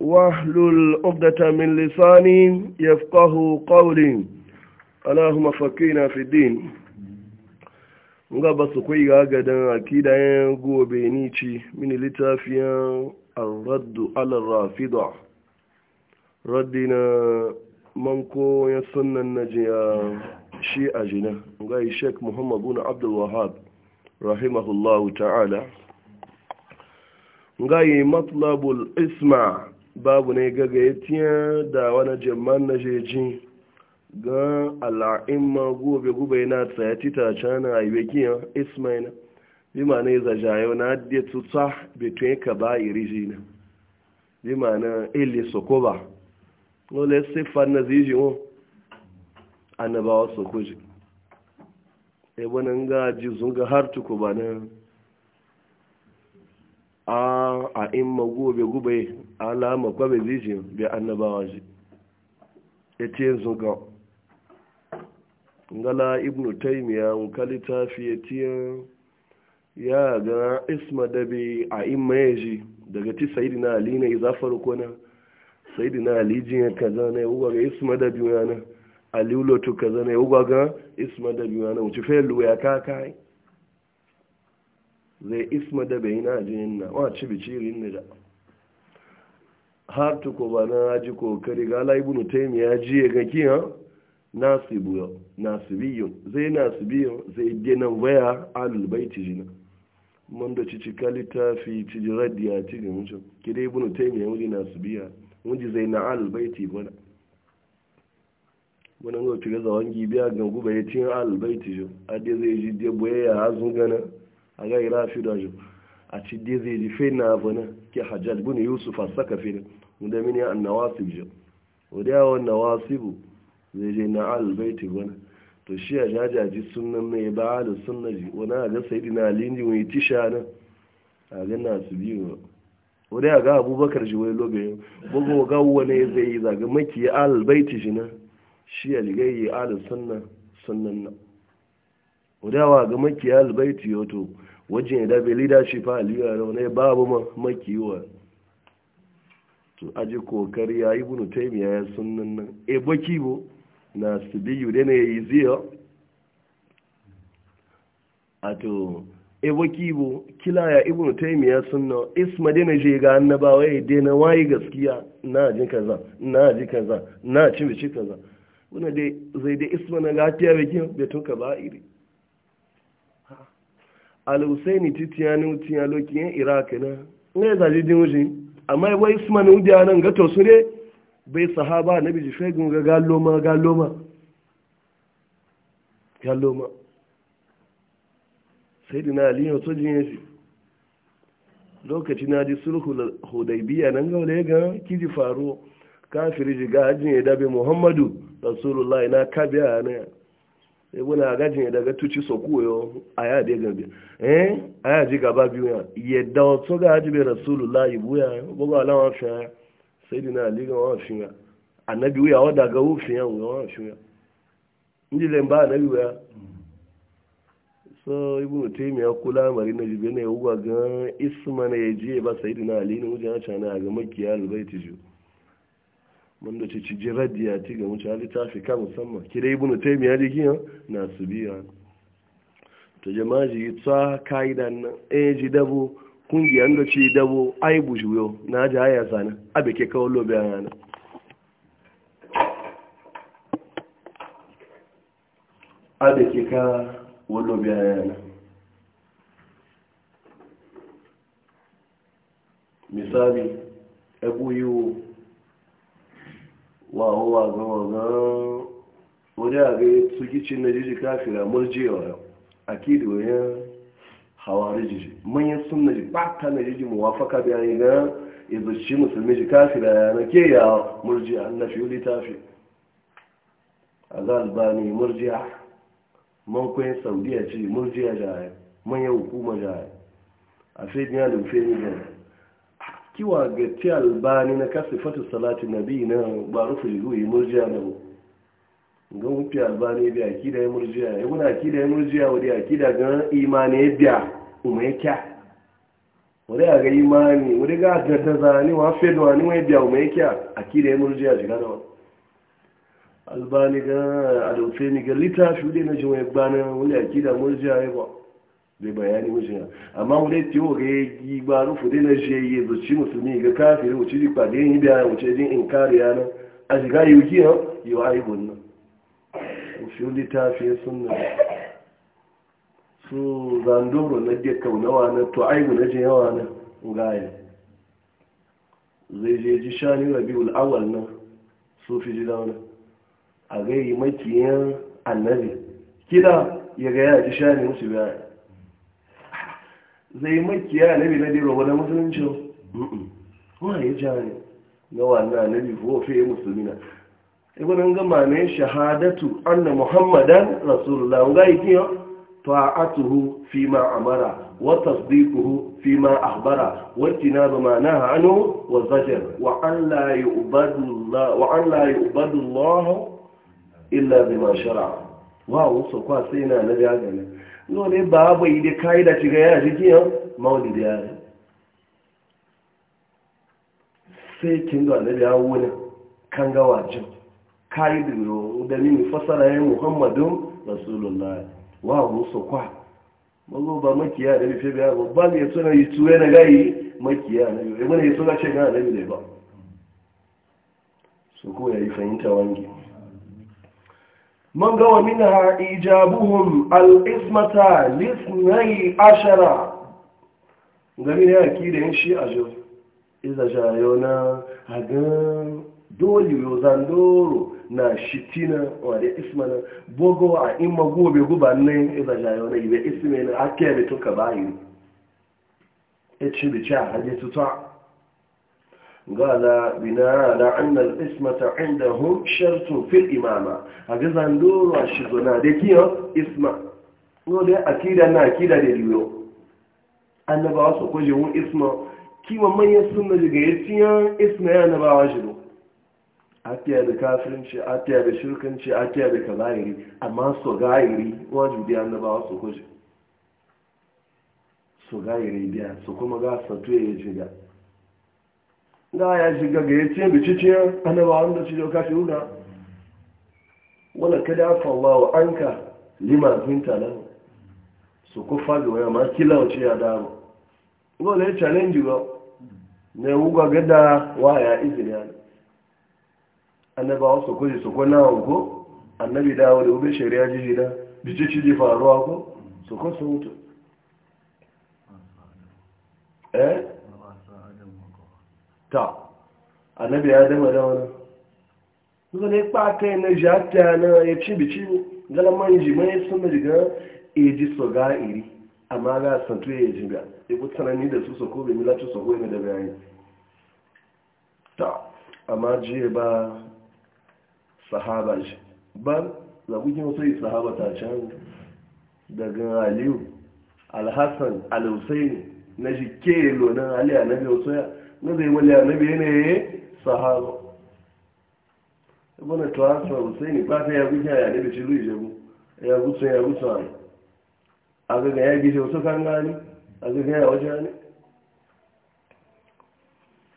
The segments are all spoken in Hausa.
واحلل عقدة من لساني يفقه قولي اللهم فقينا في الدين nga ba su kwai ga gadan akida yan gobe ni ci mini littafiyan ar-raddu ala rafida raddina manko ya sunnan najiya shi a jina ga sheikh muhammad bin abdul wahab rahimahullahu ta'ala ga matlabul isma' babu ne gaga ya tiya da wani jaman na jeji ga al'a'imma gobe gube na tsayati ta cana a ibekiya ismail bi ma na iza yau na adiyar tuta betun ka ba iri jina bi ma na ili sokoba lole siffar na ziji o annabawa sokoji e ebe nan ga jizun ga har tuku ba na a a in magobe gube alama kwabe zije bai annabawa shi ya ce yanzu ga ngala ibnu taimiya nkali tafi ya tiya ya ga isma dabe a in mayaji daga ti sayidina ali na iza farko na sayidina ali jiya kaza na ya wuga ga isma biyu yana Aliyu ulotu kaza na ya wuga ga isma biyu yana wuce fayar luwa ya kakai zai isma da bai na jini na wa ci biciri ne da har ko ba na ji kokari ga ala taimi ya ji ya gaki kiya nasu biyu zai biyu zai nan waya alul baiti jina mando da ci cika fi ci ji radiya ci ga mutum ki taimi ya taymiya nasu nasibiya wuji zai na alul baiti wani wannan ga tuga zawangi biya ga guba ya cin alul baiti a dai zai ji deboye ya azun gana a ga ira fi da ju a ci di zai ji fe na abu ke hajjaj bin yusuf a saka fi da mini an nawasib je wadda yawon nawasibu zai je na albaiti wani to shi a jajaji sunan na ya ba alu sunna ji wani a ga sai dina ni wani tisha na a ga na su biyu wadda a ga abubakar shi wani lobe bugu ga wani zai yi zaga maki albaiti shi na shi a ligayi alu sunna sunan na udawa ga makiya albaiti yoto wajen da bai leadership aliyu da raunai babu makiwa to aji kokari ya yi bunu taimiya ya sunan nan e baki bo na su biyu da na yi ziyo a to e baki bo kila ya ibnu taimiya sunan isma dina je ga annabawa ya dena wayi gaskiya na ji kaza na ji kaza na ci kaza Wani dai zai dai isma na gafiya bikin kin bai tunka ba iri alhusaini ti tiyanu tiyalo kiyan iraq na ne za ji din wuce amma wai usman udi nan ga to su ne bai sahaba na biji fegun ga galloma galloma galloma sai dina ali ne to jin shi lokaci na ji sulhu hudaybiya nan ga wale ga kiji faro kafiri ji ga ajin ya dabe muhammadu rasulullahi na kabiya na ebuna gajin daga tuci sokuyo a ya de gabe eh a ya ji gaba biyu ya yadda wato ga haji bai rasulullah ya bugu ala wa sai dina ali ga wa fiya annabi ya wada ga wu fiya ga wa fiya inji ya so ibn taymiya kula mari na ji ne uwa ga isma ba sayyidina ali ne wajen ta na ga makiya mun da cici radiya ti ga wuce littafi ka musamman kira ibn taymiya da giya na su biya to jama'a ji tsa ka'ida nan eh ji dabo kungiyan da ci dabo ai bujuyo na ji haya sana abe ke kawo lobe yana abe ke yana misali ebu yiwu wa huwa ga wagan wani a ga su gicin na jiji kafira murjewa a kido ya hawari jiji manyan sun na jiji ba ta na jiji muwafaka da yayi ga izuci musulmi ji kafira ya na ke ya murji an na fiye littafi a ga albani murjiya man kwayin saudiya ce murjiya jaya manyan hukuma jaya a fiye da lufe ne kiwa ga ti albani na kasi fatu salatu nabi na barufu ligu yi murjiya na bu ga mutu albani bi akida ya murjiya ya muna akida ya murjiya wadda akida ga imani ya biya kuma ya kya wadda ga imani wadda ga gata zani wa fedwa ni wani biya kuma ya kya akida ya murjiya shiga da wani albani ga adolfini ga littafi wadda na jin wani gbana wadda akida murjiya ya ba zai bayani wajen amma wadai tiyo ga ya yi ba rufu dai na shi ya yi zuci musulmi ga kafiri wuce jikpa da yin yi biya wuce jin in kare nan a shiga yi wuki yau yi wa aibun nan ta fi sun nan su zandoro na je kaunawa na to aibu na je yawa na gaya zai je ji shani rabi ul'awar nan su fi ji dauna a gai makiyan annabi kida ya ga ya ji shani musu biya zai makiya annabi na dero wani musulunci wa ya ja ne ga wannan annabi ko fe musulmina ibn gama ne shahadatu anna muhammadan rasulullah ga yikiyo ta'atuhu fi ma amara wa tasdiquhu fi ma akhbara wa tinabu ma naha anhu wa zajar wa an la yu'badu allah wa an la yu'badu allah illa bima shar'a wa wasu kwa sai na nabi ga ne lónìí bàbá ìdè káyídà ti gẹ̀yà àjíjíyàn máwùlì dẹ̀ ààrẹ sai kin ga annabi ya wuna kan ga wajin kai duro da ni fasara ya Muhammadu rasulullah wa musu kwa mazo ba makiya da bi febe ba ba ne suna yi tuwe na gai makiya na yi mana yi suna ce ga annabi ne ba su ko ya yi fahimta wangi من قوى منها إيجابهم الإثمة لاثني عشر قالين أكيد إن شيء أجل إذا جايونا هقام دول يوزاندورو na shitina wadda ismana bogo a in magobe gubannin na ibe ismina ake da tuka bayi e ci قال بناء على أن الإسمة عندهم شرط في الإمامة هكذا ندور الشيطان ديكيو إسمة نقول أكيد أنا أكيد ديليو أنا بعض أقول إسمة كي ومن يسمى جيتيا إسمة أنا بعجلو أتيا بكافرين شي أتيا بشركين شي أتيا بكبائري أما صغائري واجبي أنا بعض أقول صغائري بيا سكما غاسة تويه جدا ga ya shiga ga ya ce biciciyar annabawan da cijo kashi ruga wala kada fawa wa an ka lima finta nan su kufa ga waya ma kila wace ya damu wala ya challenge ba na wuga gada waya izini ya annabawa su kuji su kuna ko annabi dawo da ube shari'a jiji da bicici ji faruwa ko su kusa mutu eh Taa annabi ya dama da wani suka ne kpa na ji hatta na ya ci bici gala man ji mai sun da jiga eji so ga iri amma ga santu ya ji ga ibu tsanani da su so ko bai milatu so ko ne da bayani ta amma ji ba sahaba ji ba zagugi wasu yi sahaba ta can daga aliyu alhassan alhussein na ji ke lona aliyu annabi wasu ya na zai wali annabi ne sahaba ibn transfer husaini ba ta ya gusha ya da ci ruije mu ya gusa ya gusa a ga ya gije wasu kan gani a ga ya waje ne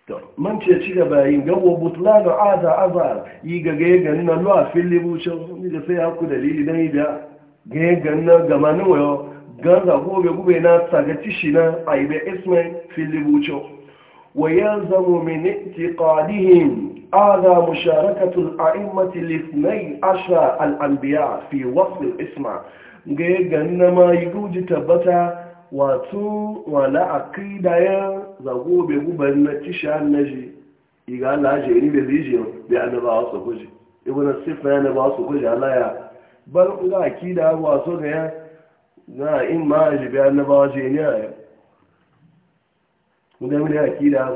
to man ce ci gaba yin gawo butlanu aza aza yi ga ga ga na lo a fili buce ni da sai haku dalili dan yi da ga ga nan ga manuwa ga ga gobe gobe na tsaga tishi na aibe ismail fili buce ويلزم من اعتقادهم هذا مشاركة الأئمة الاثني عشر الأنبياء في وصف الإسماء جيجن ما يجوج تبتا واتو ولا يا زغو بغبن تشان النجي يقال لها جيني بذيجي بأن بعصو كجي يقول السفة أنا بعصو كجي على يا بل قد يا واسو غير نا إما أجي بأن بعصو جيني wanda mini akida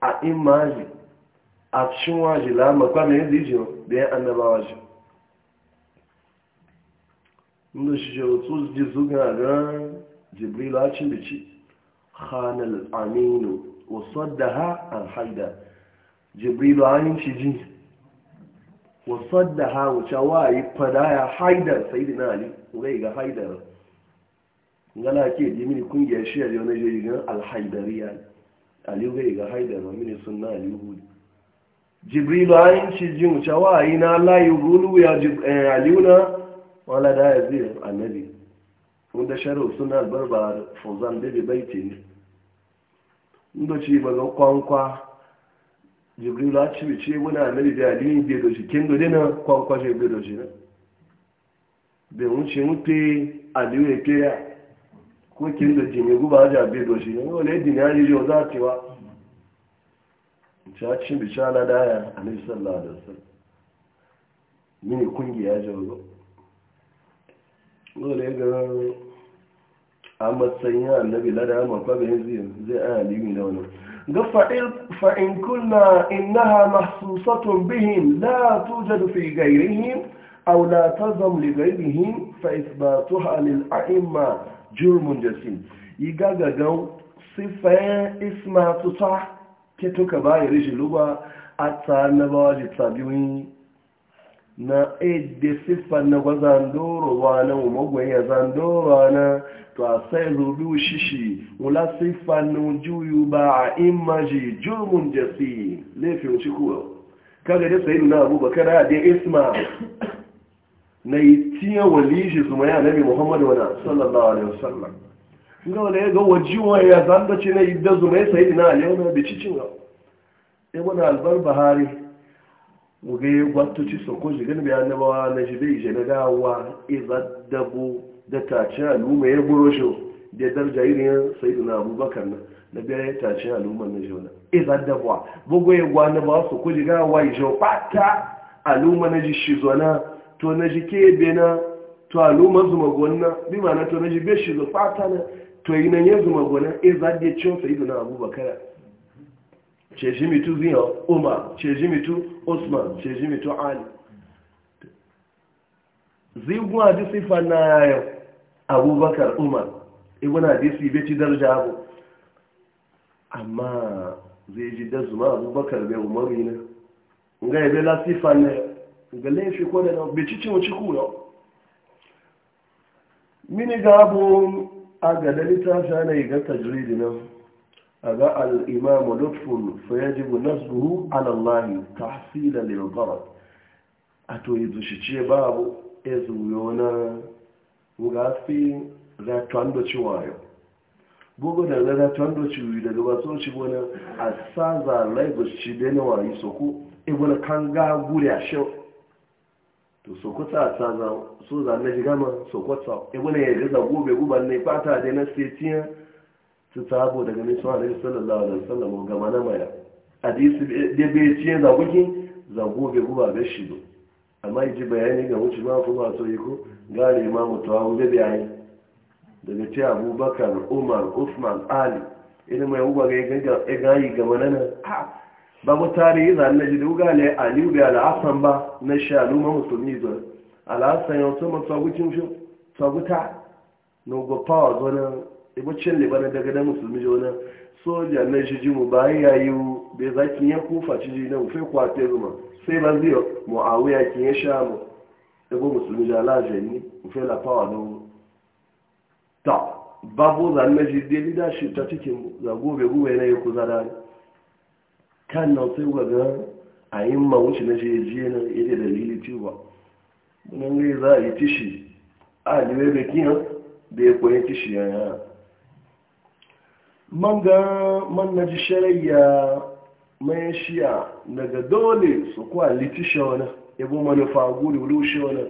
a imaji a cikin waje lamar kwanan yanzu ijiyar da a annabawa ji inda shi jautu ji zuga ran jibril a cin aminu wasu da ha an haida jibril a yin ci da ha wuce wa yi fadaya sai dina ali ga ngana ke di mini kungiyar shiyar yau na jeji gan alhaidariya aliyu bai ga haidar ma mini sunna aliyu hudu jibrilu ayin ci ji mu cewa yi na layu gulu ya eh, aliyu na wala da ya zira annabi wanda sharu suna barbar fuzan da bai baiti ne inda ci ba ga kwankwa jibrilu a ci bi ce wani annabi da aliyu bai doshi kin dole na kwankwa shi bai doshi na bai wuce mutu aliyu ya ke ya ko kin da jini guba haja bai doshi ne wale dini ya yi yau za ta wa ta cin bi shala daya a nabi sallallahu alaihi wasallam mini kungiya jawo wale ga a matsayin annabi lada makwabin zai a halimi da wani ga fa'in kunna innaha mahsusatun bihim la tujadu fi gairihim aw la tazam li gairihim fa isbatuha lil a'imma jurmun jasim yi gagagan sifayen isma tuta ke tuka bayan rishin lugba a tsanabawa jitsabiyoyi na ede siffa na gwa zandoro wa na umargwai ya zandoro na to a sai rubi shishi wula siffa na juyu ba a imaji jurmun jasi laifin shi kuwa kaga dai sayi na abubakar a dai isma na yi tiye waliji su mai annabi muhammad wana sallallahu alaihi wasallam ga wani ya ga wajiwa ya zanda ce na da su mai sayi na aliyu na bici cin ga ya wani albar bahari wuga ya gwato ci soko shi gani bayan nabawa na shi bai shi na gawa izaddabo da tace al'umma ya buro shi da darja irin sayi na abubakar na da biya ya tace al'umma na shi wani izaddabo bugu ya gwa na ba su kuji gawa yi shi pata al'umma na shi shi zuwa to na ji kebe na to aluma zuma gwanna bi ma na to na ji be shi zufata na to yi na ya zuma gwanna e za da cin sa na abubakar ce ji mitu ziyan umar ce ji mitu usman ce ji mitu ali zigun hadisi fa na yau abubakar umar ibn e hadisi bai ci darja abu amma zai ji da zuma abubakar be umaru ne ga ebe la sifa na yau ga laifi ko da nan bicicin wuce kuyo mini gabo a gada dalita ta na ga tajiridi nan a ga al'imamu lutfun fayajibu nasbuhu alallahi fila lilgarar a to yi zucice babu zuyo na wugafi ratuwan da ciwayo bugu da ratuwan da ciwi daga baso ci gona a saza lagos ci benin wari soko ibu na kan ga gure a shi to so kuta ta za su za na jigama so kuta ibn ya gaza gobe guban ne fata da na setiya su sabo daga ne su alaihi sallallahu alaihi wasallam ga mana maya hadisi da bai ce za kuki za gobe guba ga shi do amma ji bayani ga wuce ma kuma so yi ko gane imamu tawawu da bayani daga ce abubakar umar usman ali ina mai uba ga gayi ga mana na ba mu yi za na ji da ugale aliyu bai al'asan ba na ma musulmi zuwa alasan yau sun matsagucin shi tsaguta na gwafawa zuwa ibocin libanin daga da musulmi zuwa soja na shi ji mu bayan yayi bai za ki yi kufa ci ji na ufe kwate zuma sai ba zai ya ki yi sha mu ibu musulmi da alajan ni ufe lafawa na wu ta babu zan na shi dai shi ta cikin zagobe gobe na yi kuzara kan na sai wa ga a yin mawuci na jeji yana ita dalilin cewa nan zai za a yi tishi a liwai da kiyan da ya koyi tishi ya yara man ga mannaji shirayya mayan shiya daga dole su kuwa litishe wani ibu manufa guri rushe wani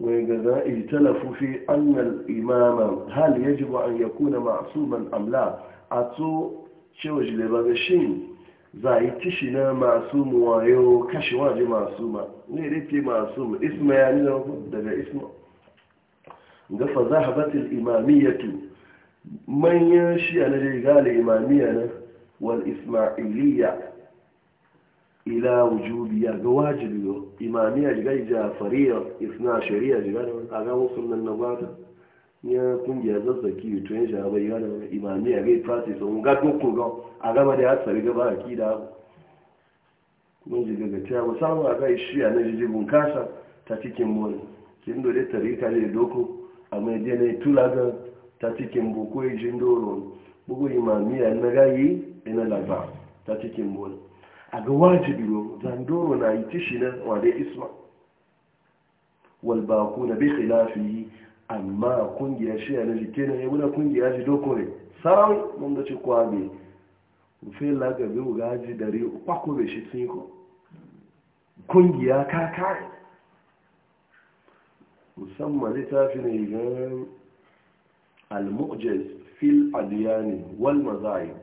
wai ga za a yi talafufi annal imaman hal ba an yakuna masu man amla a to cewa jileba da shi za a yi kishi na masu muwayo kashi waje masu ma ne rike masu ma isma ya nuna daga isma ga fa zahabatul imamiyatu manyan shiya na rigali imamiya na wal isma'iliya ila wujubiya ga wajibiyo imamiya jigar jafariyar isna shari'a jiga a ga nan na gwata ya kungiyar zazzaki to yin shahaba yi wani imami a gai practice on ga duk kogon a gama da ya tsari gaba a kida abu mun ji ta a gai a na jijibin kasa ta cikin mun kin dole tarika ne doko a mai jene tulaga ta cikin boko jin doron bugu imami a na gayi ina laba ta cikin mun na yi tishi isma na bi khilafi amma kungiya shiya na jike na yabuna kungiya ji ne. sarau mun da ci kwabe fe lagabe ga ji dare kwako be shi tun ko kungiya ka kare musamman littafi ne gan al-mu'jiz fil adiyani wal mazahib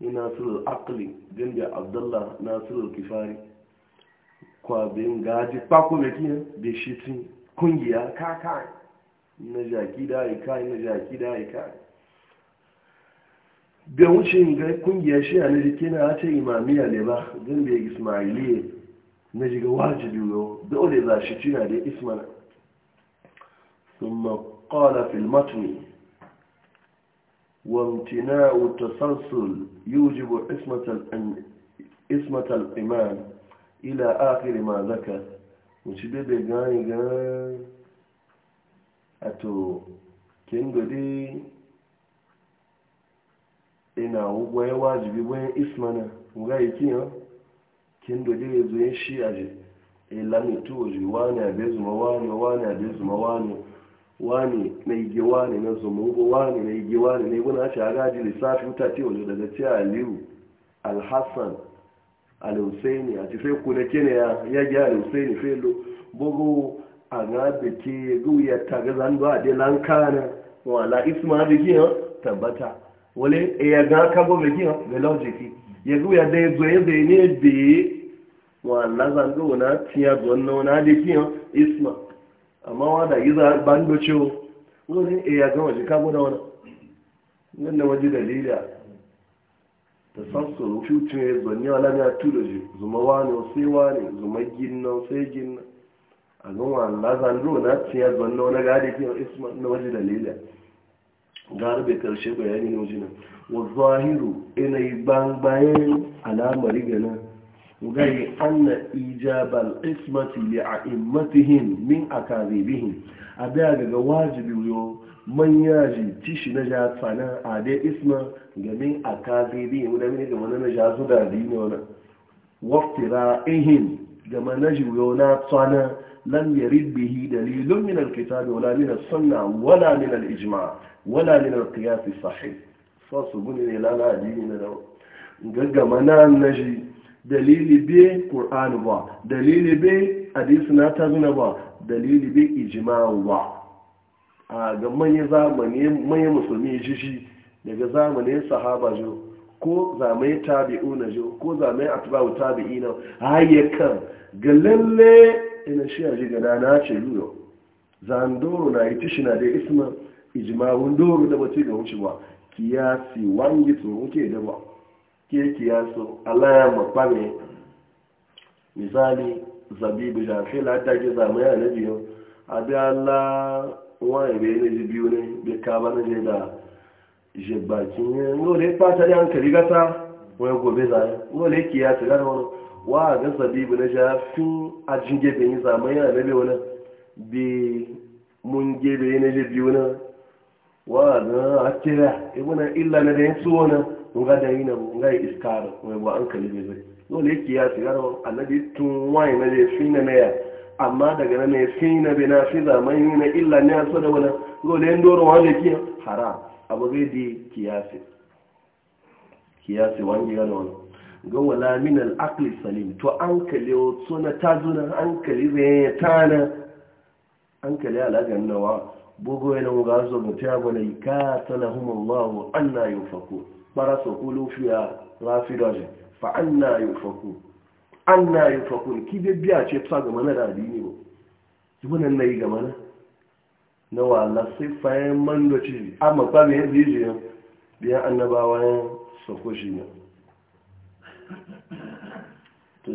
ni nasiru al-aqli gan abdullah nasiru al-kifari kwabin gaji kwako be kiyan be shi tun kungiya ka ne? na jaki da aika na jaki da aika da wucin ga kungiyar shiya na jike na ta imamiya ne ba zan da ismailiya na jiga wajibi yau dole za shi cina da ismana ثم قال في المتن وامتناع التسلسل يوجب اسمة اسمة الإمام إلى آخر ما ذكر مش بيبي جاي جاي ato kendo dai ina ugwaye wajibi bayan ismana nga iki ya kendo dai yazo yin ilami to waje wani abe zuma wani wani wani wani na igi wani na wani na igi wani na lissafi waje daga aliyu alhassan alhussaini a ti fai kene ya yagi alhussaini lo a da ke guya ta ga zandu a lankana, kana wala isma da ke tabbata wale e ya ga ka go beki da logic ya guya da ya zo ya da ne be wala zandu na tiya gonno na da ke isma amma wada iza bando ce wale e ya ga waje ka go da wala nan da waje dalila da sansu rufi tun ya zo ne wala ya zuma wani sai wani zuma ginnan sai gina. a gama lazan ruwa na tiyar zanna wani gadi ke isma na waje dalila garbe karshe bayani na waje wa zahiru ina yi bayan alamari gana gari anna ijabal ismati li a'immatihim min karibihin a daya daga wajibi yo manya ji tishi na ja tsana a dai isma ga min karibihin da mini ga na ja su da dini wani waftira ihin ga mana ji na tsana لم يرد به دليل من الكتاب ولا من السنة ولا من الإجماع ولا من القياس الصحيح فصبون إلى لا دين له قمنا النجي دليل بي قرآن با دليل بي حديث ناتغن با دليل بي إجماع با من يزامني من يمسلمي جيشي daga zamanin sahaba jo ko zamai tabi'una jo ko zamai atba'u tabi'ina hayyakan ga lalle ina shi a jigada na ce yiwu zandoro na yi tishina da isma doro da bati ga wuce kiyasi wangi tsoron ke da ba ke kiyaso allah ya makpa misali zabibu jafila ta ke zama ya na biyu abi allah wani bai na ji biyu ne bai kaba na je da fata da hankali wani kiyasi wa ga zabibu na jafin ajin gebe ni zamani a nabe wani bi mun gebe na jabi na wa ga akira ibuna e illa na da yansu na nga da yina bu nga iskara mai bu an kalibe zai dole yake ya sigara annabi tun wani na jafin na ya amma daga na mai fi na bi na fi zamani na illa ne a so da wani dole yin doron wani ke haram abu zai di kiyasi kiyasi wani gina da wani ga wala min al'aqli salim to an kale suna tazuna an kale zai tana an kale alagan nawa bugu yana ga zo mutu ya bane ka talahum Allah anna yufaku bara so kulu fiya rafidaje fa an anna yufaku anna yufaku ki be biya ce tsa ga mana da dini bo kibunan nayi ga mana na wala sai fayan mandoci amma ba me yaji biya annabawa sako shi ne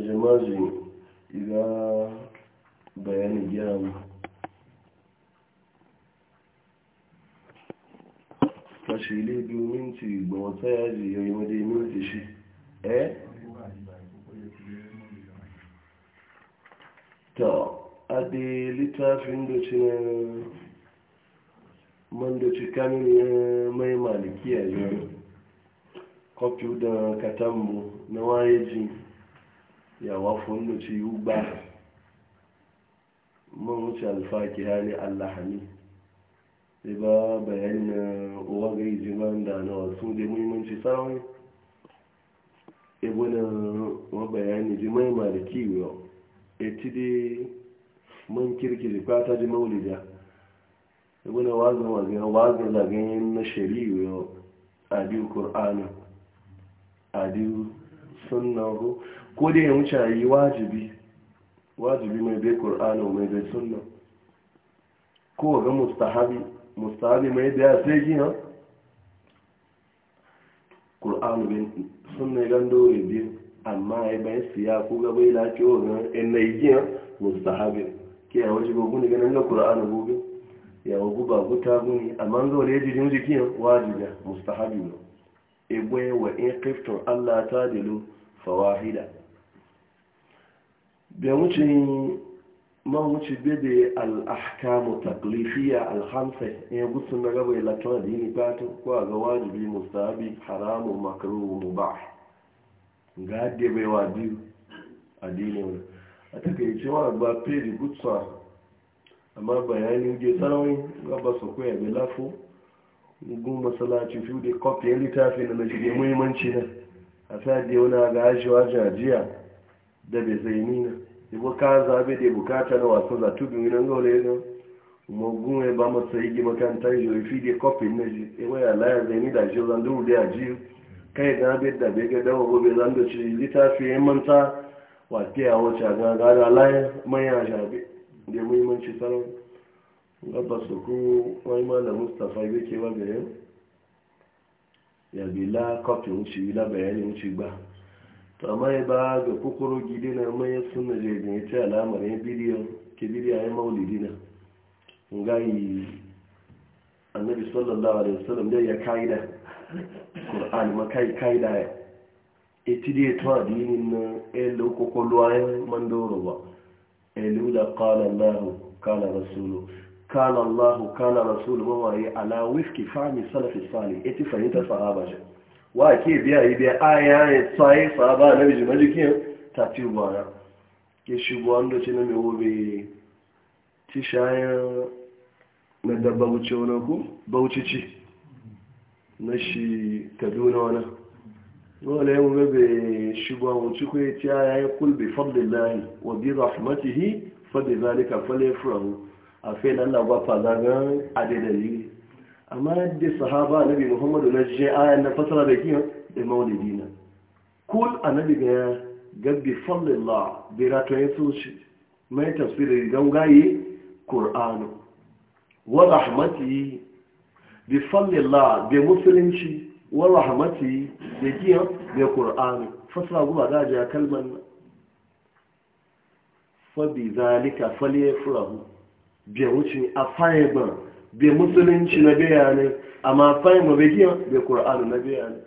jamaji iga bayani gyamu kashi ile biyu minti ba wata yaji ya yi made minti shi eh ta ade littafin da ci na man kanin ya mai malikiya yau kofi da katambu na waye jini yawa fondo ci yugba man wuce alfaki hali ni. sai ba bayanin uwa ga ijiman da na wasu da muhimmanci sarawai ibuna wa bayani ji mai maliki yau eti dai man kirkiri fata ji maulida ibuna wazin wazin wazin da ganyen na shari'u yau adiyu kur'ana adiyu sunna ko ko dai ya wuce yi wajibi wajibi mai bai qur'ani mai bai sunna ko ga mustahabi mustahabi mai da sai gina qur'ani bai sunna gan dole biyu amma ya bayan siya ko ga bai lafiya wannan in na yi gina mustahabi ke ya wajibi ko ne ganin na qur'ani gobe ya wabu ba guta gumi amma ga wani yaji jin jikin wajibi mustahabi ne egwe wa in kifton Allah ta dilu fawahida bai wuce ma wuce bebe al'ahkamu taklifiya alhamsa ya gusu na gaba ya latuwa da yini fata ko ga wajibi musabi haramu makaru mubah ga hadde bai wa biyu addini wani a takaice wa ba fere gutsa amma bayanin ge ga ba su ya bai lafo gun masalacin fiye da ya littafi na na shige muhimmanci na a sadi wani ga ashewa jajiya da bai zai nina ibo ka zabe da bukata na wasu za tubi wani gole ne mogun ya ba masa yi ta yi fi da kofin na ji ewa ya laya zai ni da shi zan duru da ji kai na bai da bai ga dawa gobe zan da ci littafi ya manta wa ke a wace a gana da laya manya jabe da muhimmanci sarau gaba su ku wani malam mustapha yake wa ga yau yabi la kọfin wuce yi labayanin wuce ba to amma ba ga kukuru gidi na maye suna ya ce alamar ya bidiyo ke na annabi sallallahu alaihi wasallam ya kaida ma kai ya na elo قال الله قال رسول الله على وفق فهم السلف الصالح اتي فهمت الصحابه واكي بيا بيا ايا صاي صحابه النبي جمجكين تاتيبوانا ke shigo wanda ce na mai wobe ci shayan na dabba wuce wani ku bauchi ci na shi kaduna wani dole yin gabe shigo wuce ku ya ci ayayen kulbe fadlillahi wa bi rahmatihi fadi zalika fale furahu a fe nan na gwafa zagan adedali amma yadda sahaba nabi muhammadu na je ayan na fasara da kiyan da maulidi na kul annabi ga gabbi fallillah bi ratoyin suci mai tafsiri gaye Kur'anu. wa rahmati bi fallila bi musulunci wa rahmati da kiyan da qur'anu fasara guba da a kalman fa bi zalika furahu bai wuce a faye ba bai musulunci na bayanai amma faye ba bai giyan bai ƙura'anu na bayanai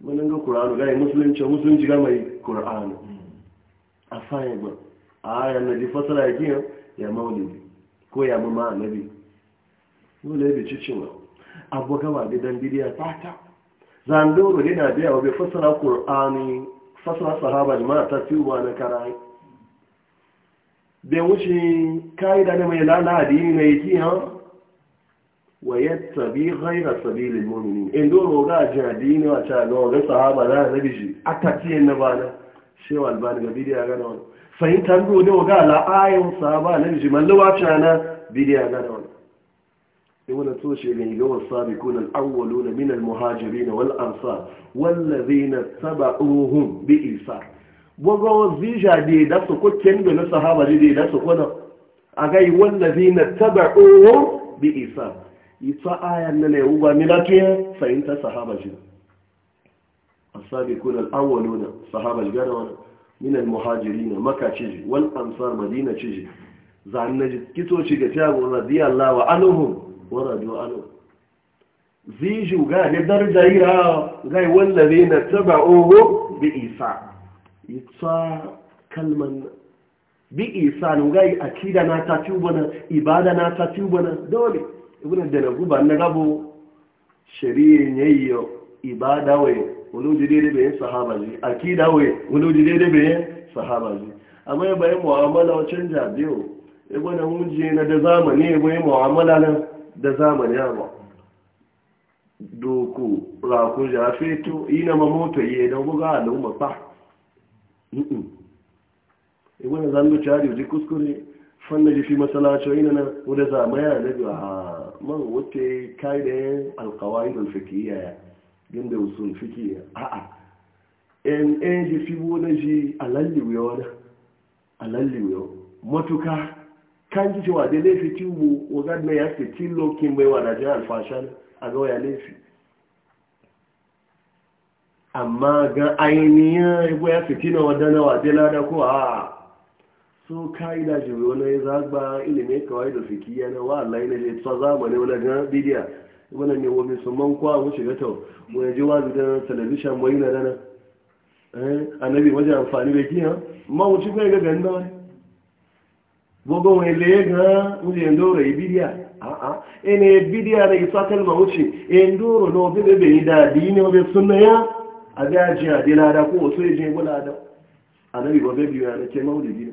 manin ga ƙura'anu ga yi musulunci musulunci ga mai ƙura'anu a faye ba a ayan na ji fasara giyan ya maulidi ko ya mama annabi dole ya bici cewa abu gaba da dan bidiya fata zandoro yana biya wa bai fasara ƙura'ani fasara sahaba jama'a ta fi na karai bai wuce ka'ida na mai lalari mai kiyan wayar tabi haira sabi limonin indo roga jadi ne a ta gawa ga sahaba na rabi shi a tafiye na ba na shewa albani ga bidiyar gana wani fahimtar do ne waga la'ayin sahaba na shi mallawa ta na bidiyar gana wani ibn tushe ga yiga wasabiqun al-awwaluna min al-muhajirin wal ansar wallazina tabi'uhum bi isar Gogowar zija da da su ko kendo na sahaba da da su ko na a gai zai na taba'uhu bi isa isa ayan na ne uba milatiya ta sahaba ji asabiqun al-awwaluna sahaba gana wa min al-muhajirin makka ci wal ansar madina ci zan na kito ci ga tawo radiyallahu anhum wa radu zai ziju ga ne darjaira gai zai na taba'uhu bi isa yitsa kalman bi isa nun gai akida na ta tubana ibada na ta tubana dole ibn da na guba na gabo shari'a yi yayyo ibada waye wani jide da bayan sahaba ji akida waye wani jide da bayan sahaba ji amma ya bayan mu'amala wa canja biyo ibn da hunje na da zamani ya bayan mu'amala na da zamani ya ba doku rakun jafeto ina mamoto yi don buga al'umma fa E, wani zanu cari ji kuskure fanda ji fi masalacin yi nan wadda za mai yana a man wuce kaide alkawai don fikiyya ya ginda usul fikiyya a a en en ji fi wani ji alalliwe wani alalliwe matuka kan ji cewa da laifi tubu wagadna ya fi tilo kin baiwa na jihar alfashan a ga ya laifi amma ga ainihin ibu ya fitina wadana wa lada ko a so ka'ida jiri wani ya zagba ilimin kawai da fiki yana wa Allah ina je tsa zamani wani ga bidiya wani ne wa man kwa wuce ga tau wani ji wa da talabishin wani na dana eh, annabi wajen amfani da kiyan ma wuce kai ga ganda wani gogon wani laye ga wani yandoro ya bidiya a'a ene bidiya na isa kalma wuce yandoro na wabi bebe da dini wabi sunna ya a ga jiya dai lada ko wasu ya je wala da Anabi ba bai biyu ne ke maulidi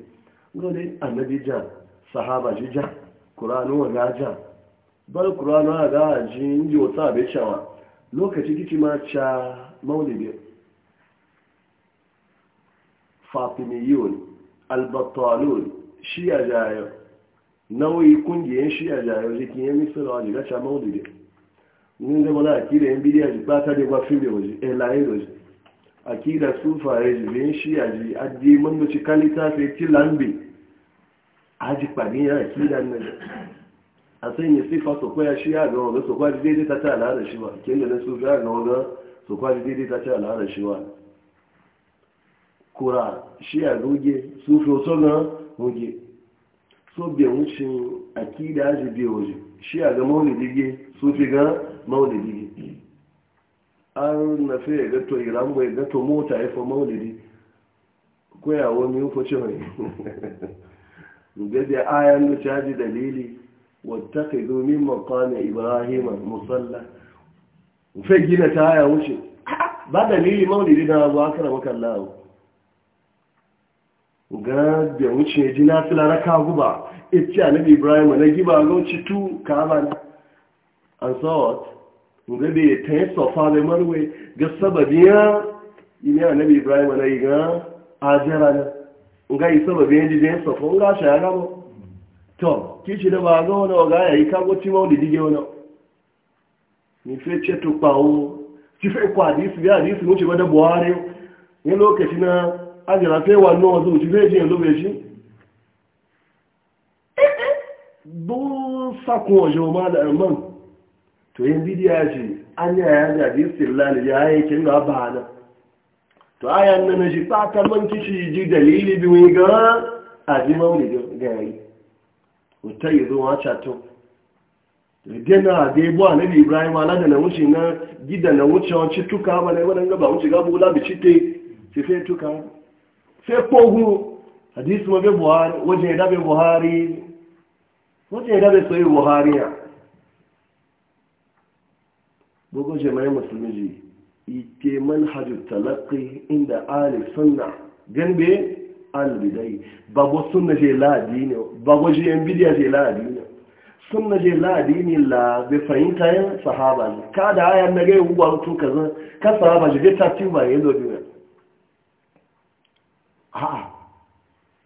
ga dai annabi ja sahaba ji ja qur'anu wa ga ja bar kuranu wa ga ji inji wata bai cewa lokaci kici ma cha maulidi fatimiyun albatalun shi a jayo nauyi kungiyar shi a jayo jikin ya sura ji ga cha maulidi mun zama na akida yan bidiya ji ba ta da ba fi da waje eh layin waje akida sufa ya ji shi a ji ajiye mun da ci kalita sai ci lambe aji kwadin ya akida nan a sai sifa su shi ya ga wanga su kwaji daidai ta ta al'ada shi ba kin na su ga ga wanga su kwaji daidai ta ta al'ada shi kura shi ya goge sufi wasu aji shi ga ga maulidi an na fi ya gato irambo ya gato mota ya fa maulidi ko ya wani yufa ce mai gaji ayan da caji dalili wata ka zomi min ibrahim ibrahima musalla fai gina ta haya wuce ba dalili maulidi na abu aka rama kallawo ga da wuce ji na fi laraka guba ita anabi na giba ga wuce tu ka na an sawat ga da ya ta sofa marwe ga sababin ya ibrahim na iga ajara na ga yi sababin ya jijin sofa ga shi ya gaba da ba ga ga ya yi kago ci ma wani dige ni fe ce to pawo ci fe kwa hadisi bi buhari na to yin bidiya ji an yi ya zabi istilali ya yi kin ga ba na to ayan nan shi fata man kishi ji dalili bi wi ga aji maulidi ga yi wata yi zuwa chato da dena da ibu ibrahim ala da na wuce na gida na wuce tuka ba na wadanda ba wuce ga bula bi cite sai sai tuka fe kogu hadisi mabe buhari wajen ya dabe buhari wajen ya dabe soyi buhari ya bugu jama'in musulmi ji ike hajji talakki inda ali sunna ganbe albidai babu sunna je ladi ne babu je yan bidiya je ladi ne sunna je ladi ne la be fahimta yan sahaba ne ka da aya na gai uwa to kaza ka sahaba je ta tati ba yin do duniya a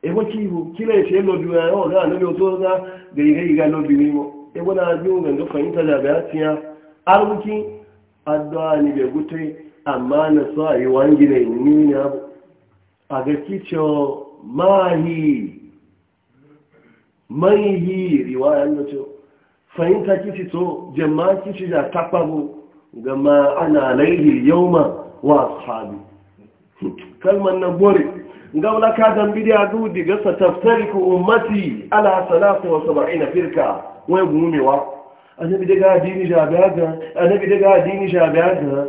e ko ki bu kile ce lo duniya ga ga na be to ga gai gai ga lo mo. e wona bi ngan do fahimta da ba tiya arziki addu'a ni bai gutu amma na so a yi wangi ne ni ne abu a ga kicho mahi mahi riwayar na ce fahimta kici to jama'a kici da takwabu gama ana laihi yauma wa sahabi kalmar na bore gaula ka dambi da gudi ga sa taftariku ummati ala salatu wa sab'ina firka wai gumewa annabi daga addini shabiyaga annabi daga addini shabiyaga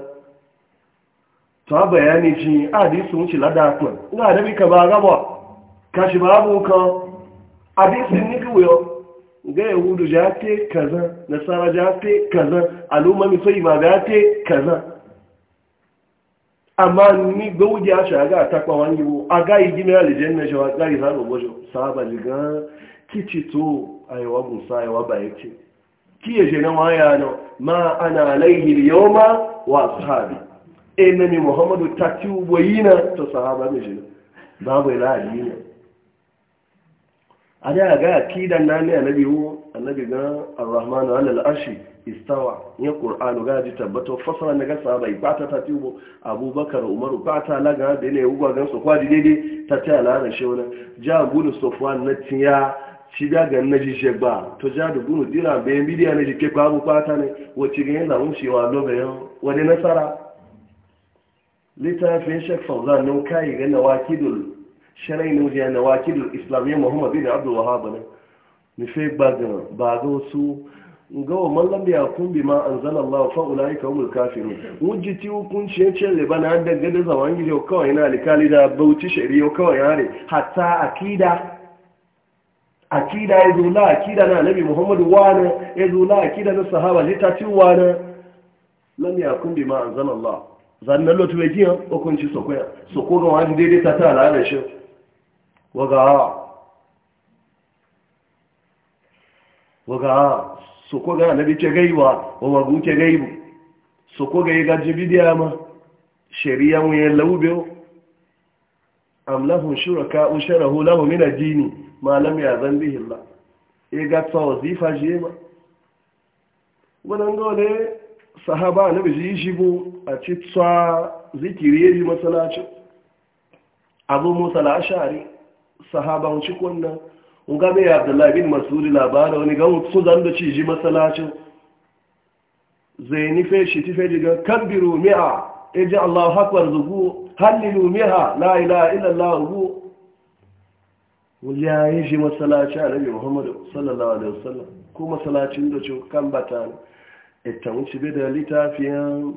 to bayani ci hadisi wuce lada kun ga annabi ka ba gaba kashi mu ka hadisi ni ku yo ga yahudu jate kaza nasara jate kaza al'umma mi sai ma te kaza amma ni gauji a shaga ta kwawan yiwu a ga yi gimi shi. shawa ga yi zaro bojo sahaba jiga kici to ayewa musa ayewa bayyace kiye je na waya no ma ana alaihi liyoma wa ashabi enani muhammadu tati uboyina to sahaba ne je babu ila adini ada ga akidan na ne annabi hu annabi ga arrahmanu ala al'arshi istawa ya qur'anu ga ji tabbato fasara na ga sahaba ta tati ubo abubakar umaru bata laga da ne uba kwadi daidai tati ala na shewna ja gudu sofwan na tiya ci ga ga na jishe ba to ja da gunu dira bayan bidiya na jike babu fata ne wacce ga yin zamun cewa lobe yau wani nasara littafin shek fauzan nun kayi ga na wakidul sharai nun ya na wakidul islamiyyar muhammad bin abdul wahab ne nufe ba ga ba ga wasu ga ma allah ka bana da gada zaman kawai na alikali da bauchi shari'a kawai hare hatta akida akida ya zo la akida na nabi muhammadu wani ya zo la akida na sahaba littafin wani na. ya akun bi ma an zan Allah zanen lotu bai jiyan hukunci sokoya ko ga wani daidai ta ta al'ada shi waga waga ko ga nabi ke gaiwa wa magu ce gaibu ko ga yi gaji bidiya ma shari'a mu ya laube am lahum shuraka usharahu lahum min ad malam ya zan bihi la e ga ta wazifa shi ma wannan gole sahaba na biji shi bu a ci zikiri zikiri ji masalaci abu musa al shari sahaba un ci kunna un ga bai abdullahi bin masudi labara wani ga su zan da ci ji masalacin zai nife shi tife daga kabbiru mi'a e ji allahu akbar zugu hallilu mi'a la ilaha illallah zugu ya yi shi masalaci a rabi muhammadu sallallahu alaihi wasallam ko masalacin da cikin kan bata ita wuce bai da littafiyan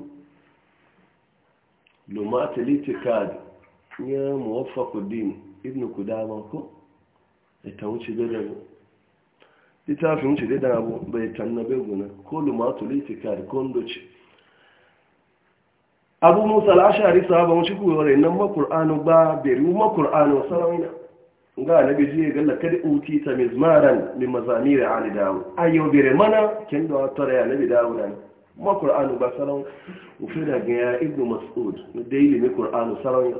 lumata littikad ya muwaffa kudin ibn kudama ko ita wuce bai da littafin wuce bai da abu bai tannabe guna ko lumata littikad ko abu musa al'ashari sahaba wuce kuwa rai nan makur'anu ba beri makur'anu sarawina na nabi ji ga la kad uti ta mizmaran min mazamir ali dawo ayo bere mana ken do tare ya nabi dawo dan ma qur'anu ba salon ufi da ga ibnu mas'ud da yi ne qur'anu salon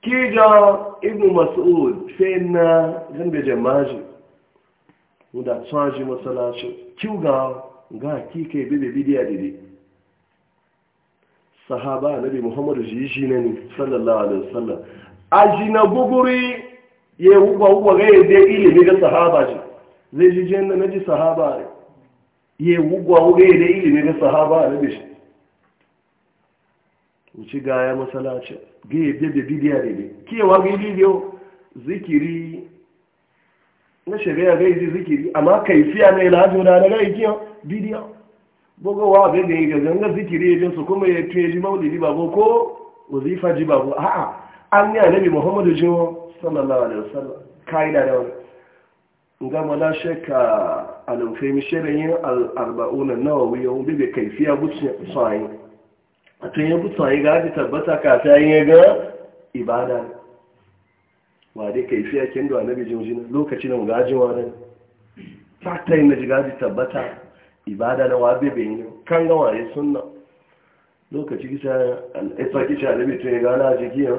ki ga ibnu mas'ud sai na zambe mu da tsaji masalaci ki ga ga ki be bibi bidiya didi sahaba nabi muhammadu shi shi ne sallallahu alaihi wasallam ajina buburi. ya wuba wuba ga ya ilimi ga sahaba ji zai ji na da naji sahaba ne ya wuba wuga ya je ilimi ga sahaba ne bishi wuce gaya masalacin ga ebe de da bidiya ne kewa ga bidiyo zikiri na shari'a ga yi zikiri amma kaifiya ne lajo da daga ikiyo bidiyo bugowa ga ga ga zikiri ya je su kuma ya tuye ji maulidi ba ko wazifa ji ba a'a an yi annabi muhammadu jiwo sallallahu alaihi wasallam ka'ida da wani gama na shakka alufai mishirin yin al'arba'unan nawawi yau bibe kaifiya butsayi a to yi butsayi ga ji tabbata kafin yin ga ibada wa dai kaifiya kin da annabi jiwo jina lokacin da ga ajiwa nan ta yin na ji gaji tabbata ibada na wa bibe yin kan gawa ya sunna lokaci kisa al'isa eh, kisa annabi to ya ga gana jikiyar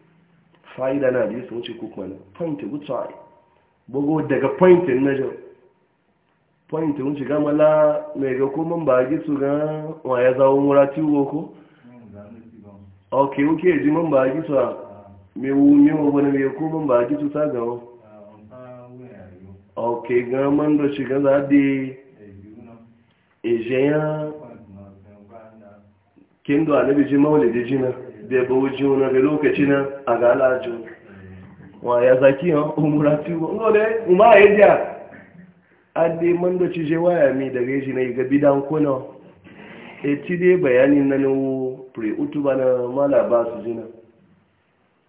fa'ida na da yasa wuce kuma na point gutsa bugu daga point na jau point wuce gama la mai ga kuma ba gi su ga wa ya zawo murati wo ko ok ok ji man ba gi su a mai wunye wa wani mai kuma ba gi su ta gawo ok ga man da shiga za di ejeyan kendo a anabi ji maulidi jina da ya bawo ji wani lokaci na Wa àgàlájò wọ́n àyàzàkí wa? òmúra tí wọ́n lọ́dẹ́ umá àyẹ́díà mun mọ́ndọ̀ci ṣe wáyà mi daga yìí na ìgbà bídá E etí dé bayani na níwó pre utuba na malaba su jina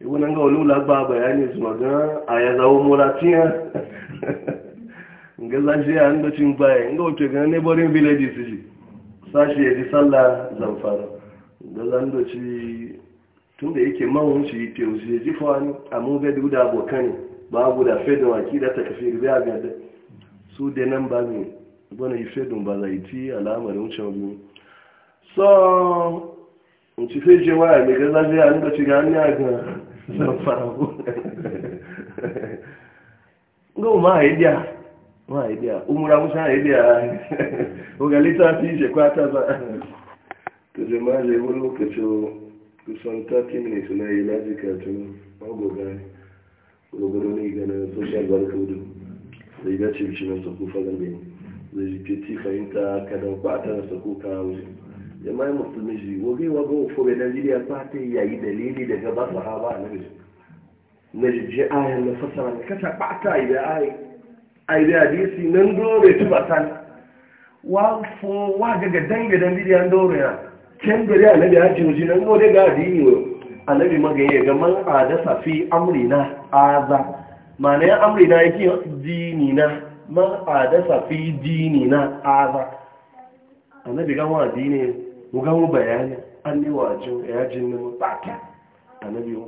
iwu nan ga olula ba bayani su magan àyàzàwó múra tí hàn nga zashe a ndọci baya nga otu ga neighboring villages ji sashe ya ji sallah zamfara ga doci. tunda yake mawunci teusi ya ji fawani a mun ga duk da abokan babu da fedon waki da ta kafin zai biya. da su da nan ba ne bana yi fedon ba yi ti alamar wucin biyu so in ci fe je waya mai gaza zai an gaci ga hanya ga zan fara ku ga ma a yi ma a yi diya umura musa a yi diya ko ga littafi shekwata ba ta jama'a zai wani lokacin kusan 30 minutes na yi laji katin magoga gogoro na social barcode zai ga cibci na fagalbe zai ji fahimta kada kpata na sako kawo ya yi musulmi shi wage wago fure na ba ta yi dalili daga ba su haba na jijji ayan na fasara na kasa ba ta yi da nan dore tuba can gari annabi ya ji mujinan gode ga addini wa annabi magaye ga man adasa fi amrina aza mana ya amrina yake dini na man adasa fi dini na aza annabi ga wa dini mu ga mu bayani an ne wa jin ya jin mu baka annabi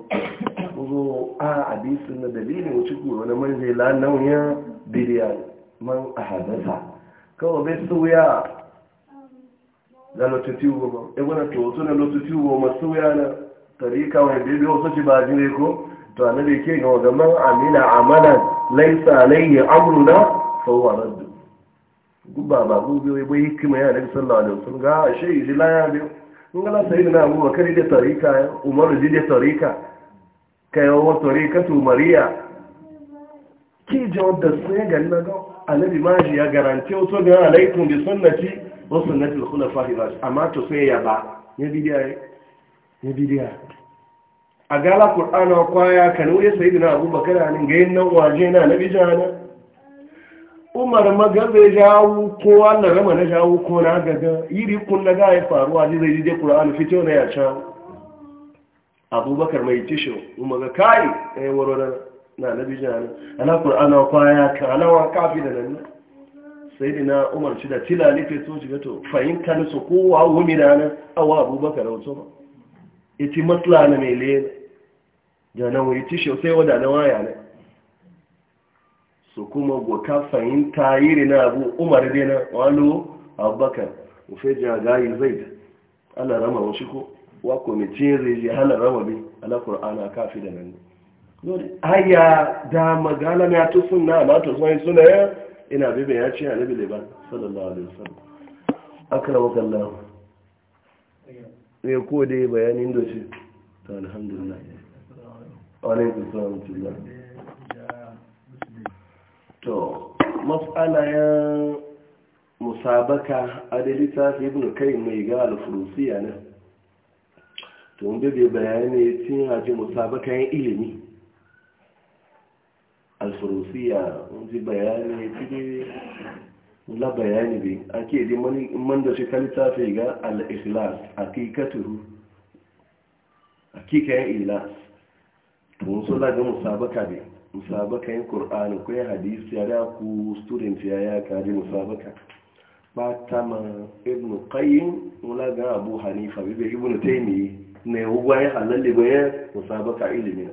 ko a hadisin na dalili wuce ko wani manzai la nauyin bidiyan man ahadasa kawai bai suya na lotuti ugo ba e wana to to na lotuti ugo masu na tarika wa bebe wasu ci ba jire ko to annabi ke ga ga man amina amana laysa alayhi amruna fa huwa radd gubba ba gubbe wai bai hikima ya nabi sallallahu alaihi wasallam ga shi jila ya bi ngala sayyidina abu bakari da tarika umar ji da tarika kai wa tarika tu mariya ki jawab da sai ga nan annabi ma ji ya garanti wato ga alaikum bi sunnati wasu na tilkula fahimar amma to sai ya ba ya bidiya a gala ƙur'ana kwaya kan wuye sai dina abubakar a nan gayin nan waje na na bijana umar magaza ya jawo kowa na rama na jawo ko na gaga yiri kun na gaya faruwa ji zai jide ƙur'ana fito na ya can abubakar mai tisho umar ga kai ya yi waro na na bijana ana ƙur'ana kwaya kan alawa kafi da nan sai dina umar shi da tilali ke so shiga to fahimta na su kowa wumi na nan awa abubakar wato ba iti matsala na mai le da nan wuri ti sai wada na waya ne su kuma gwaka fahimta yiri na abu umar ne na walo abubakar ufe jagayi zai da ala rama wasu ko wa kwamitin zai ala rama bi ala kur'ana kafi da nan ne haya da magana na tusun na na tusun suna ya ina bebe ya ce annabi liban sallallahu alaihi wasallam akrama kallahu ne ko da bayanin da shi to alhamdulillah alaikum salam tullah to mas'ala ya musabaka adalita fi ibn kai mai ga al-furusiya ne to mun bebe bayani tin haji musabakan ilimi alfurusiya ndi bayani cikin la bayani bi ake di man da shi kalita fi ga al-ikhlas hakikatuhu hakikayen ilas tun so laga musabaka bi musabaka yin qur'ani ko hadisi ya da ku student ya ya kaji musabaka ba ta ma ibn qayyim wala ga abu hanifa bi ibn taymi ne huwa ya halalle ya musabaka ilimin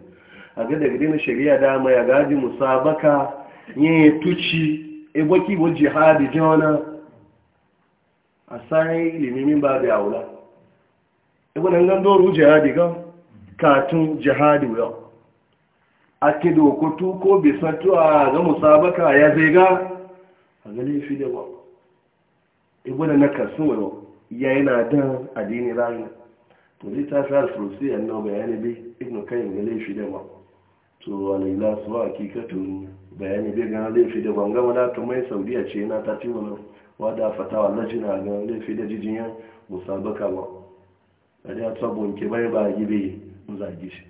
a ga daga dina shari'a dama ya gaji musabaka yin tuci ebaki wa jihadi jona a sayan ilimimin ba da aula ibn nan doru jihadi ga katun jihadi wa ake dokutu ko bisantu a ga musabaka ya zai ga a ga laifi da ba ibn na kasuwa ya yana dan addini rayu to zai ta sa sosai annabi bayani bi ibn kayyim ga laifi da ba to alaila su ba hakikatun bayani bai gana laifi da ban gama da tumai saudiya ce na ta tiwo nan wadda fatawa lajina gana laifi da jijiyan musabaka ba a da ta bonke bai ba gibe zagi shi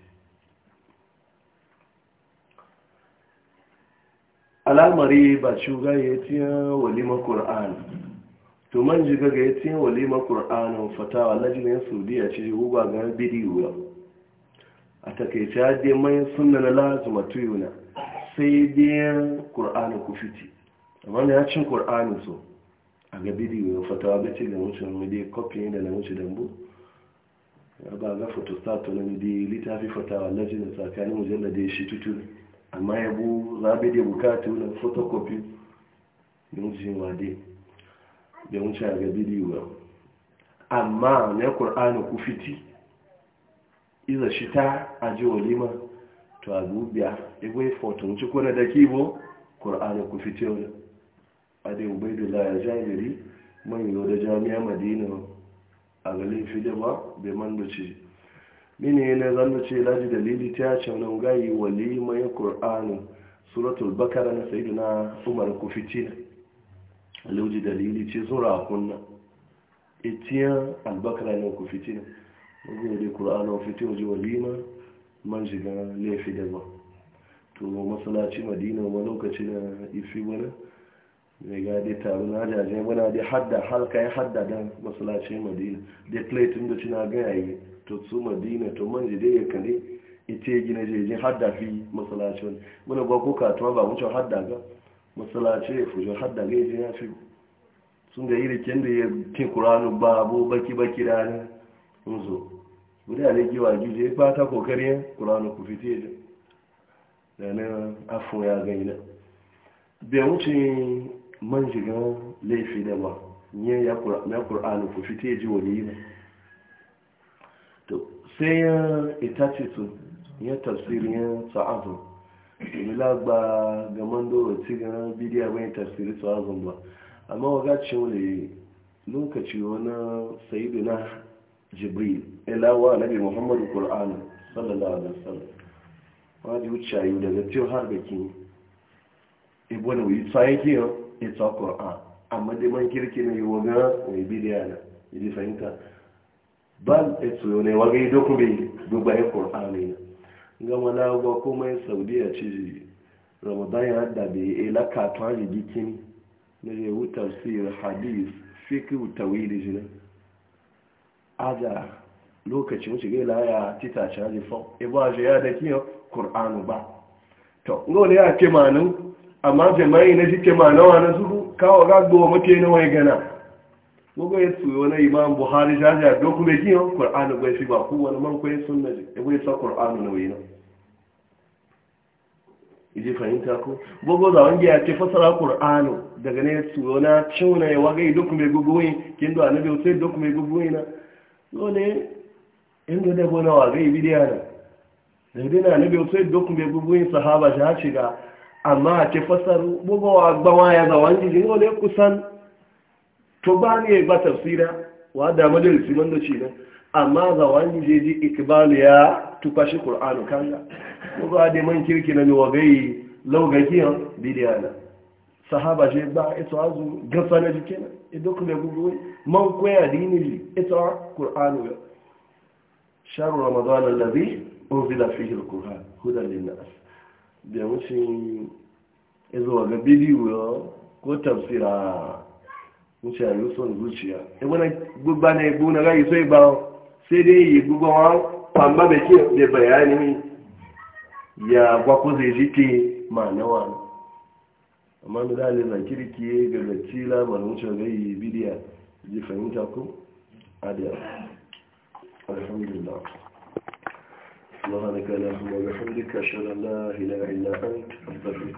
alamari ba shuga ya tiya walima qur'an to man jiga ga ya tiya walima qur'an fatawa lajina saudiya ce gugu ga bidiyo a takaice dai mai sunna na lazima tuyuna sai dai ƙur'ani ku fiti amma ne ya cin ƙur'ani so a ga bidiyo fatawa ga ce da mutum mu dai copy da na mutum dambu ya ba ga sato na dai littafi fatawa da tsakanin dai shi tutu amma ya bu bi da bukatu na fotokofi ne mutum wa dai da mutum a ga bidiyo amma ne ƙur'ani ku fiti iza shi ta aji walima to a dubiya igwe fotun ci kuna da kibo ƙur'ani ku fito wani ade ubaidu la ya jami'ari man yi da jami'a madina a galin fide bai man da ce mini yana zan da ce laji dalili ta ya ce wani gayi walima ya ƙur'ani suratul bakara na sayidu na umar ku fitina lauji dalili ce zura kunna itiyan albakara ne ku fitina gudu da ƙura'anon fito waje walima man shiga laifi da ba to masalaci madina ma lokaci na ifi wani mai gadi taru na ajajen wani da hadda halka ya hadda don masalaci madina da plate da cina gaya yi to su madina to man jide ya kane ita gina jejin hadda fi masalaci wani muna ba ko katuwa ba mucin hadda ga masalaci ya fujo hadda ga ya fi sun ga irikin da ya kin kuranu babu baki baki ranar nzo guda ale giwa gije ba ta kokarin kuranu ku fite da na afo ya gaina bai wuce man shiga laifi da ba yin ya kuranu ku fite ji wani ne to sai ya itace su ya tafsirin ya sa'azun domin lagba ga mandoro ci ga bidiyar bai tafsirin sa'azun ba amma waga ce wani lokaci wani sayidu na jibril ilawa nabi muhammadu qur'an sallallahu alaihi wasallam wọ́n di uche ayi daga tí ó har da kí ibo na wuyi tsaye kí yau ita qur'an amma dai man kirki ne yiwu ga wai bidiya na yi fahimta bal ito ne wa gai dokun bai dogba ya qur'an ne gama na gwa kuma ya a ce ramadan ya hada bai ila katuwa ne gikin na yau tafsir hadis fikir tawili jirai aja lokacin shige laya tita caji fon ibu aje ya da kiyo ƙur'anu ba to ngole ya ke manu amma jama'i na jike manawa na zuru kawo gaggo mace na wai gana gugu ya tsoyo wani imam buhari jaji a doku da kiyo ƙur'anu bai fi ba wani man kwaye sunna ibu ya e sa ƙur'anu na wai na iji fahimta ko gugu za wangi ya ke fasara ƙur'anu daga ne tsoyo na ciwo na ya wagai doku mai gugu yin kin do annabi sai doku mai gugu yi na lónìí inda na gona e e wa zai bidiya na biyu sai dokun mgbe guguyin sahaba shi ha shiga amma a ce gbogbo bugawa ya zawa ji jin wani e kusan to ba ne ba tafsira wa da majalisi man da ci ne amma zawa ji ikbalu ya tukwashi qur'anu kanga bugawa da na ba na idok mai gugu man koya dini ji ita qur'anu ya sharu ramadan allazi unzila fihi alquran hudan linnas da wucin izo ga bidiyo ko tafsira wuce a yusun zuciya e ibuna gugba na ibu na rai sai ba sai dai yi gugba wa pamba da ke da bayani ya gwakuzi jike ma na wani amma da dalilin na kirki ga gaci labarin wucin yi bidiyar ji fahimta ku adiyar alhamdulillah سبحانك لا اله الا انت